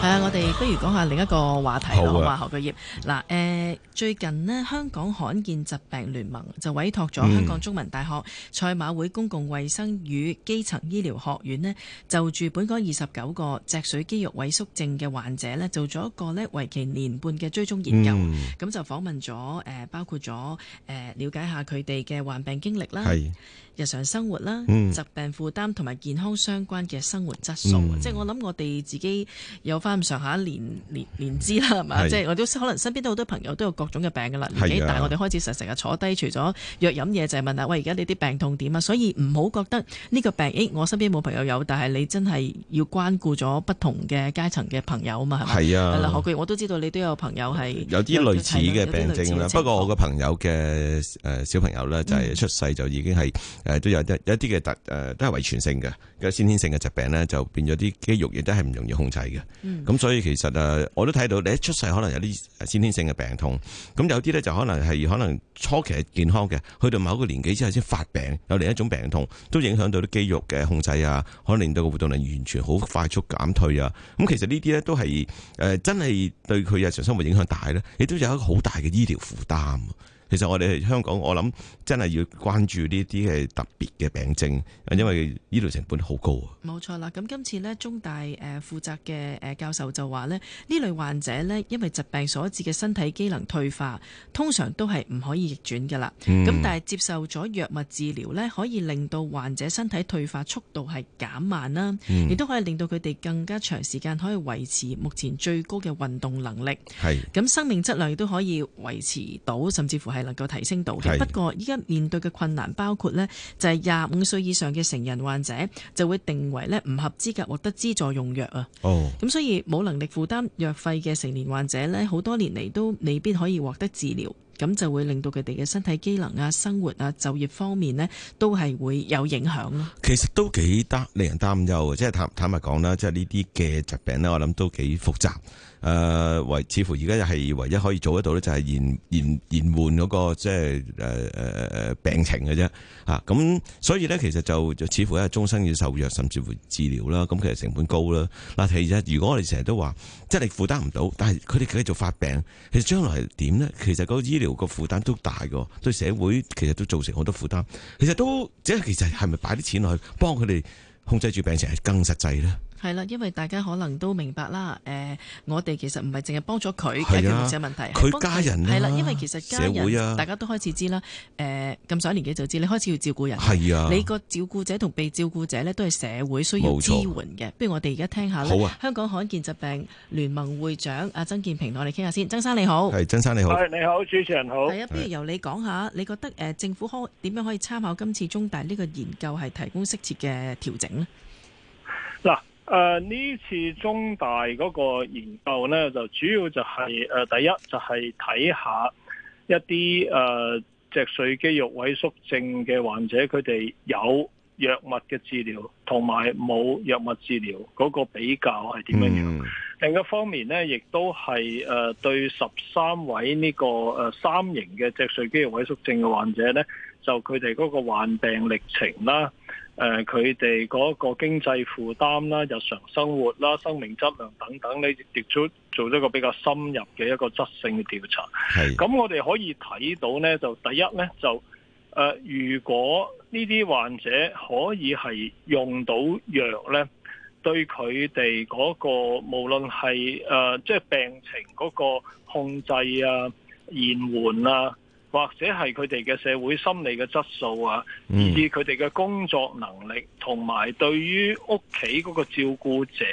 係啊，我哋不如講下另一個話題啦。我話侯桂葉嗱，最近呢香港罕見疾病聯盟就委託咗香港中文大學賽馬會公共衛生與基層醫療學院呢就住本港二十九個脊髓肌肉萎縮症嘅患者呢做咗一個呢為期年半嘅追蹤研究，咁、嗯、就訪問咗包括咗了，了解下佢哋嘅患病經歷啦。日常生活啦、嗯，疾病負擔同埋健康相關嘅生活質素、嗯、即係我諗我哋自己有翻咁上下年年年，年資啦，係嘛？即係我都可能身邊都好多朋友都有各種嘅病嘅啦，年紀大我哋開始成成日坐低，除咗藥飲嘢就係、係、問下喂，而家你啲病痛點啊？所以唔好覺得呢個病，誒我身邊冇朋友有，但係你真係要關顧咗不同嘅階層嘅朋友啊嘛，係咪？係啊，劉學我都知道你都有朋友係有啲類似嘅病症啦，不過我個朋友嘅誒小朋友咧就係出世就已經係。嗯誒都有一啲嘅特誒都係遺傳性嘅有先天性嘅疾病咧，就變咗啲肌肉亦都係唔容易控制嘅。咁、mm. 所以其實誒我都睇到你一出世可能有啲先天性嘅病痛，咁有啲咧就可能係可能初期係健康嘅，去到某個年紀之後先發病，有另一種病痛都影響到啲肌肉嘅控制啊，可能令到個活動能完全好快速減退啊。咁其實呢啲咧都係誒真係對佢日常生活影響大咧，亦都有一個好大嘅醫療負擔。其實我哋香港，我諗真係要關注呢啲特別嘅病症，因為醫療成本好高啊。冇錯啦，咁今次呢，中大誒負責嘅教授就話呢，呢類患者呢，因為疾病所致嘅身體機能退化，通常都係唔可以逆轉㗎啦。咁、嗯、但係接受咗藥物治療呢，可以令到患者身體退化速度係減慢啦，亦、嗯、都可以令到佢哋更加長時間可以維持目前最高嘅運動能力。係，咁生命質量亦都可以維持到，甚至乎係。係能夠提升到嘅，不過依家面對嘅困難包括呢，就係廿五歲以上嘅成人患者就會定為呢唔合資格獲得資助用藥啊。哦，咁所以冇能力負擔藥費嘅成年患者呢，好多年嚟,都未必可以獲得治療，咁就會令到佢哋嘅身體機能啊、生活啊、就業方面呢，都係會有影響咯。其實都幾得令人擔憂，即係坦坦白講啦，即係呢啲嘅疾病呢，我諗都幾複雜。誒、呃，唯似乎而家就係唯一可以做得到咧、那個，就係延延延緩嗰個即係誒誒誒病情嘅啫。吓、啊、咁，所以咧其實就就似乎係終身要受藥，甚至乎治療啦。咁其實成本高啦。嗱、啊，其實如果我哋成日都話，即係你負擔唔到，但係佢哋繼續發病，其實將來點咧？其實嗰醫療個負擔都大嘅，對社會其實都造成好多負擔。其實都即係，其實係咪擺啲錢落去幫佢哋控制住病情係更實際咧？係啦，因為大家可能都明白啦。誒、呃，我哋其實唔係淨係幫咗佢解決護士嘅問題，佢、啊、家人係、啊、啦。因為其實家人，啊、大家都開始知啦。誒、呃，咁細年紀就知，你開始要照顧人。係啊，你個照顧者同被照顧者呢，都係社會需要支援嘅。不如我哋而家聽下咧、啊。香港罕見疾病聯盟會長阿曾建平，我哋傾下先。曾生你好。曾生你好。係，你好，主持人好。係啊，不如由你講下，你覺得誒政府可點樣可以參考今次中大呢個研究，係提供適切嘅調整咧？嗱。誒、呃，呢次中大嗰個研究呢，就主要就係、是、誒、呃，第一就係睇下一啲誒、呃、脊髓肌肉萎縮症嘅患者，佢哋有藥物嘅治療同埋冇藥物治療嗰、那個比較係點樣樣、嗯。另一方面呢，亦都係誒、呃、對十三位呢、這個誒三、呃、型嘅脊髓肌肉萎縮症嘅患者呢，就佢哋嗰個患病歷程啦。誒、呃，佢哋嗰個經濟負擔啦、日常生活啦、生命質量等等咧，亦都做咗一個比較深入嘅一個質性嘅調查。係，咁我哋可以睇到咧，就第一咧，就誒、呃，如果呢啲患者可以係用到藥咧，對佢哋嗰個無論係誒，即、呃、係、就是、病情嗰個控制啊、延緩啊。或者係佢哋嘅社會心理嘅質素啊，以致佢哋嘅工作能力同埋對於屋企嗰個照顧者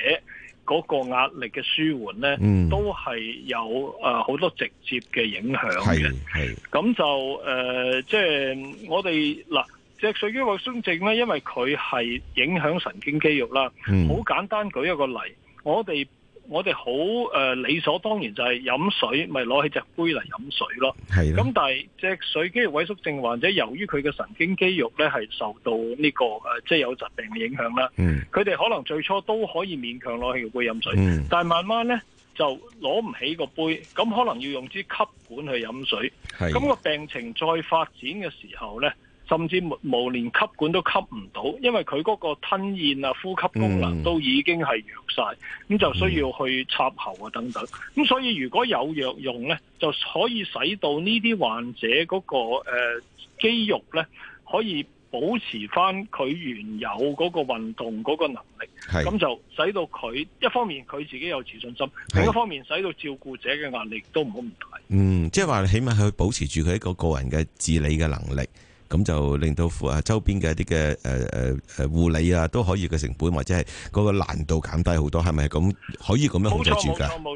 嗰個壓力嘅舒緩咧、嗯，都係有誒好、呃、多直接嘅影響嘅。係，咁就誒、呃，即係我哋嗱脊髓腰椎損症咧，因為佢係影響神經肌肉啦。好、嗯、簡單舉一個例，我哋。我哋好誒理所當然就係飲水，咪攞起隻杯嚟飲水咯。係咯。咁但係脊髓肌肉萎縮症患者，由於佢嘅神經肌肉咧係受到呢個、呃、即係有疾病嘅影響啦。嗯。佢哋可能最初都可以勉強攞起個杯飲水，嗯、但慢慢咧就攞唔起個杯，咁可能要用支吸管去飲水。咁個病情再發展嘅時候咧。甚至無連吸管都吸唔到，因為佢嗰個吞嚥啊、呼吸功能都已經係弱晒，咁、嗯、就需要去插喉啊等等。咁、嗯、所以如果有藥用呢，就可以使到呢啲患者嗰、嗰個誒、呃、肌肉呢，可以保持翻佢原有嗰個運動嗰個能力。咁就使到佢一方面佢自己有自信心，另一方面使到照顧者嘅壓力都唔好咁大。嗯，即係話起碼佢保持住佢一個個人嘅自理嘅能力。咁就令到啊周邊嘅一啲嘅誒誒誒護理啊，都可以嘅成本或者係嗰個難度減低好多，係咪咁可以咁樣控制住㗎？沒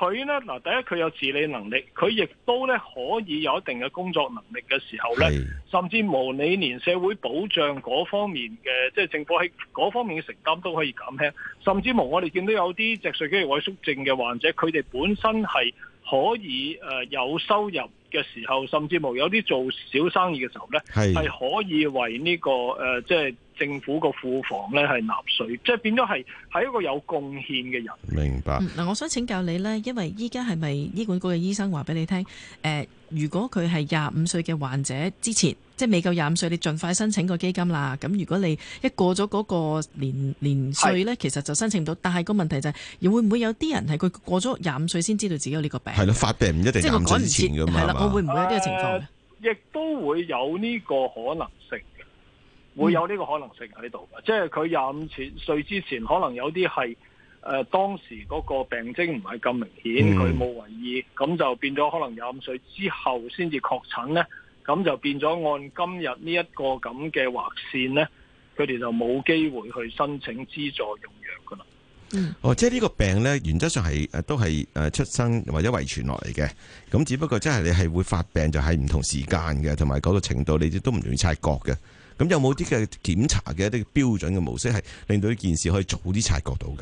佢咧嗱，第一佢有自理能力，佢亦都咧可以有一定嘅工作能力嘅時候咧，甚至無你連社會保障嗰方面嘅，即係政府喺嗰方面嘅承擔都可以減輕，甚至無我哋見到有啲脊髓肌肉萎縮症嘅患者，佢哋本身係可以誒有收入嘅時候，甚至無有啲做小生意嘅時候咧，係可以為呢個誒即係。呃就是政府個庫房咧係納稅，即係變咗係係一個有貢獻嘅人。明白。嗱，我想請教你咧，因為依家係咪醫管局嘅醫生話俾你聽？誒，如果佢係廿五歲嘅患者之前，即係未夠廿五歲，你盡快申請個基金啦。咁如果你一過咗嗰個年年歲咧，其實就申請唔到。但係個問題就係，會唔會有啲人係佢過咗廿五歲先知道自己有呢個病？係咯，發病唔一定係廿五歲前㗎嘛。係啦，我會唔會有呢個情況咧？亦都會有呢個可能性。嗯、會有呢個可能性喺度，即係佢廿五歲之前可能有啲係誒，當時嗰個病徵唔係咁明顯，佢冇為意，咁就變咗可能廿五歲之後先至確診咧，咁就變咗按今日這這樣的滑呢一個咁嘅劃線咧，佢哋就冇機會去申請資助用藥噶啦。哦，即係呢個病咧，原則上係誒都係誒出生或者遺傳落嚟嘅，咁只不過即係你係會發病就係唔同時間嘅，同埋嗰個程度你都唔容易察覺嘅。咁有冇啲嘅檢查嘅一啲標準嘅模式，係令到呢件事可以早啲察覺到㗎？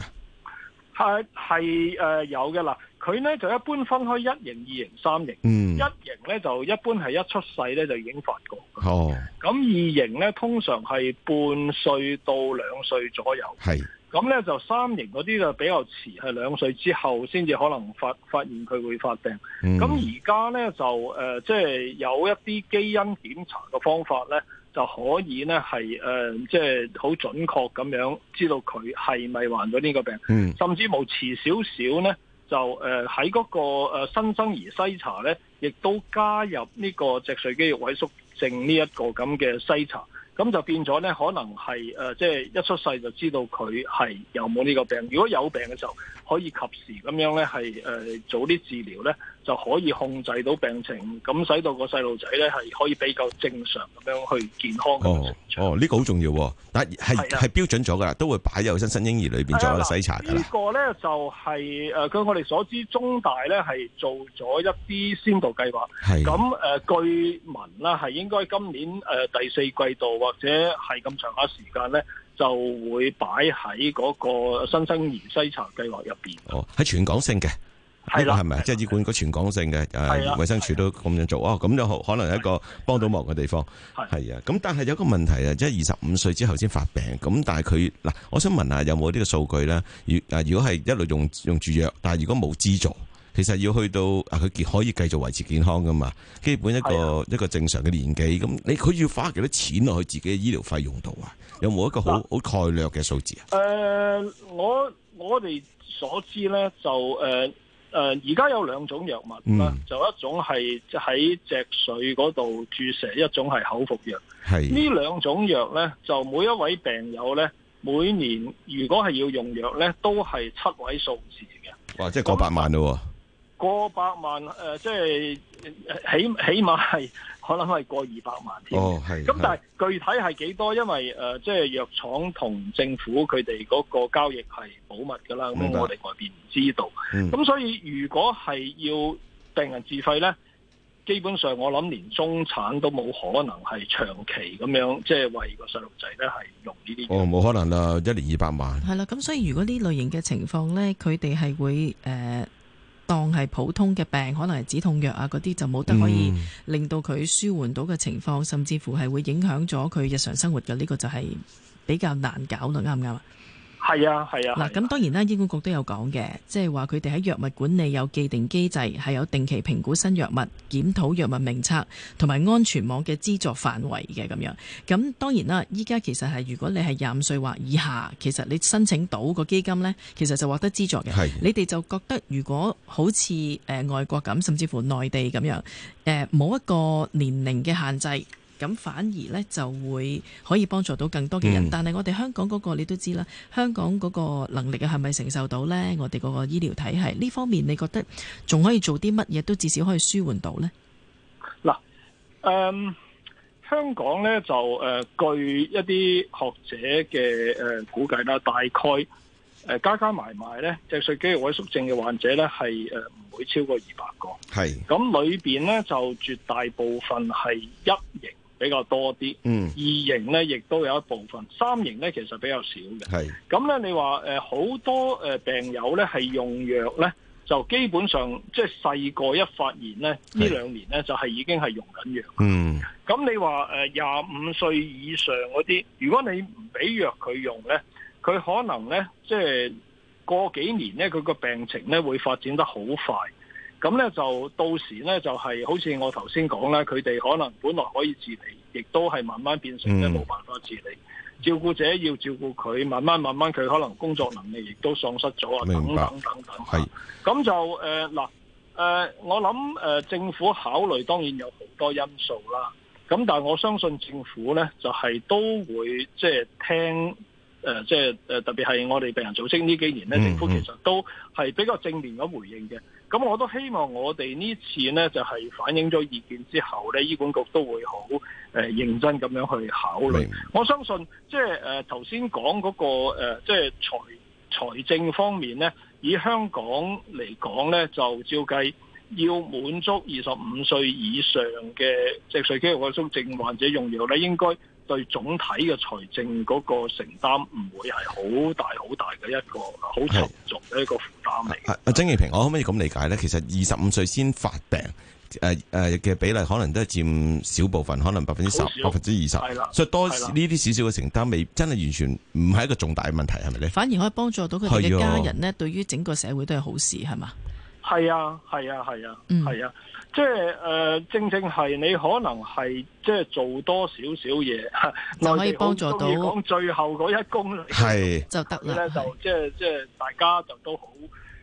係係、呃、有嘅喇。佢咧就一般分開一型、二型、三型。嗯，一型咧就一般係一出世咧就已經發覺哦，咁二型咧通常係半歲到兩歲左右。係咁咧就三型嗰啲就比較遲，係兩歲之後先至可能發發現佢會發病。咁而家咧就即係、呃即係、有一啲基因檢查嘅方法咧。就可以咧，係即係好準確咁樣知道佢係咪患咗呢個病，嗯、甚至冇遲少少咧，就喺嗰、呃嗰個、呃、新生兒篩查咧，亦都加入呢個脊髓肌肉萎縮症呢一個咁嘅篩查，咁就變咗咧，可能係即係一出世就知道佢係有冇呢個病。如果有病嘅時候，可以及時咁樣咧，係誒早啲治療咧。就可以控制到病情，咁使到個細路仔咧係可以比較正常咁樣去健康嘅成長。哦，呢、哦這個好重要，但係係標準咗噶啦，都會擺有新生嬰兒裏邊做一個篩查噶啦。呢個咧就係誒據我哋所知，中大咧係做咗一啲先導計劃，係咁誒據聞啦，係應該今年誒第四季度或者係咁長嘅時間咧，就會擺喺嗰個新生兒篩查計劃入邊哦，喺全港性嘅。係啦，係咪啊？即係只管個全港性嘅，誒，衛生署都咁樣做哦，咁就可能係一個幫到忙嘅地方係啊。咁但係有一個問題啊，即係二十五歲之後先發病，咁但係佢嗱，我想問下有冇呢個數據咧？如誒，如果係一路用用住藥，但係如果冇資助，其實要去到啊，佢可以繼續維持健康噶嘛？基本一個一個正常嘅年紀，咁你佢要花幾多錢落去自己嘅醫療費用度啊？有冇一個好好概略嘅數字啊？誒、呃，我我哋所知咧，就誒。呃誒、呃，而家有兩種藥物啦、嗯，就一種係喺脊髓嗰度注射，一種係口服藥。係呢兩種藥咧，就每一位病友咧，每年如果係要用藥咧，都係七位數字嘅。哇，即係過百萬咯。過百萬誒、呃，即係起起碼係，可能係過二百萬添。哦，係。咁但係具體係幾多？因為誒、呃，即係藥廠同政府佢哋嗰個交易係保密㗎啦。咁我哋外面唔知道。咁、嗯、所以如果係要病人自費咧，基本上我諗連中產都冇可能係長期咁樣，即係為個細路仔咧係用呢啲。哦，冇可能啦，一年二百萬。係啦，咁所以如果呢類型嘅情況咧，佢哋係會誒。呃當係普通嘅病，可能係止痛藥啊嗰啲就冇得可以令到佢舒緩到嘅情況，嗯、甚至乎係會影響咗佢日常生活嘅呢、呢個就係比較難搞咯，啱唔啱啊？係啊，係啊。嗱、啊，咁當然啦，醫管局都有講嘅，即係話佢哋喺藥物管理有既定機制，係有定期評估新藥物、檢討藥物名冊同埋安全網嘅資助範圍嘅咁樣。咁當然啦，依家其實係如果你係廿五歲或以下，其實你申請到個基金呢，其實就獲得資助嘅。係。你哋就覺得如果好似、呃、外國咁，甚至乎內地咁樣，誒、呃、冇一個年齡嘅限制。咁反而呢，就會可以幫助到更多嘅人，嗯、但係我哋香港嗰個你都知啦，香港嗰個能力嘅係咪承受到呢？我哋嗰個醫療體系呢方面，你覺得仲可以做啲乜嘢都至少可以舒緩到呢。嗱、嗯，誒香港呢，就誒、呃、據一啲學者嘅誒估計啦，大概加加埋埋呢，脊髓肌肉萎縮症嘅患者呢，係誒唔會超過二百個，係咁裏邊呢，就絕大部分係一型。比較多啲、嗯，二型咧亦都有一部分，三型咧其實比較少嘅。係咁咧，你話誒好多誒病友咧係用藥咧，就基本上即係細個一發現咧，呢兩年咧就係、是、已經係用緊藥。嗯，咁你話誒廿五歲以上嗰啲，如果你唔俾藥佢用咧，佢可能咧即係過幾年咧佢個病情咧會發展得好快。咁咧就到時咧就係好似我頭先講咧，佢哋可能本來可以自理，亦都係慢慢變成咧冇辦法自理。嗯，照顧者要照顧佢，慢慢慢慢佢可能工作能力亦都喪失咗啊，等等等等。係咁就誒嗱誒，我諗誒政府考慮當然有好多因素啦。咁但係我相信政府咧就係都會即係聽誒即係誒特別係我哋病人組織呢幾年咧，嗯，政府其實都係比較正面咁回應嘅。咁我都希望我哋呢次呢就係、是、反映咗意見之後呢醫管局都會好誒、呃、認真咁樣去考慮、嗯，我相信即係誒頭先講嗰個、呃、即係財財政方面呢，以香港嚟講呢就照計要滿足二十五歲以上嘅脊髓肌肉萎縮症患者用藥呢應該對總體嘅財政嗰個承擔唔會係好大好大嘅一個好沉重嘅一個。阿、啊啊、曾建平，我可唔可以咁理解咧？其實二十五歲先發病，誒誒嘅比例可能都係佔少部分，可能百分之十、百分之二十，所以多呢啲少少嘅承擔，未真係完全唔係一個重大嘅問題，係咪咧？反而可以幫助到佢哋嘅家人咧，對於整個社會都係好事，係嘛？係啊，係啊，係啊，係啊，即係誒，正正係你可能係即係做多少少嘢，吓，可以幫助到。講最後嗰一公里係就得啦，就即係即係大家就都好。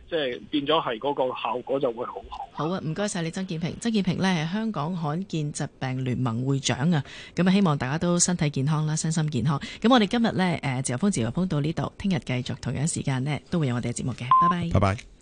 即係變咗係嗰個效果就會好好。好啊，唔該晒你，曾建平。曾建平呢係香港罕見疾病聯盟會長啊。咁啊，希望大家都身體健康啦，身心健康。咁我哋今日呢，誒，自由風自由風到呢度，聽日繼續同樣時間呢，都會有我哋嘅節目嘅。拜拜。拜拜。拜拜。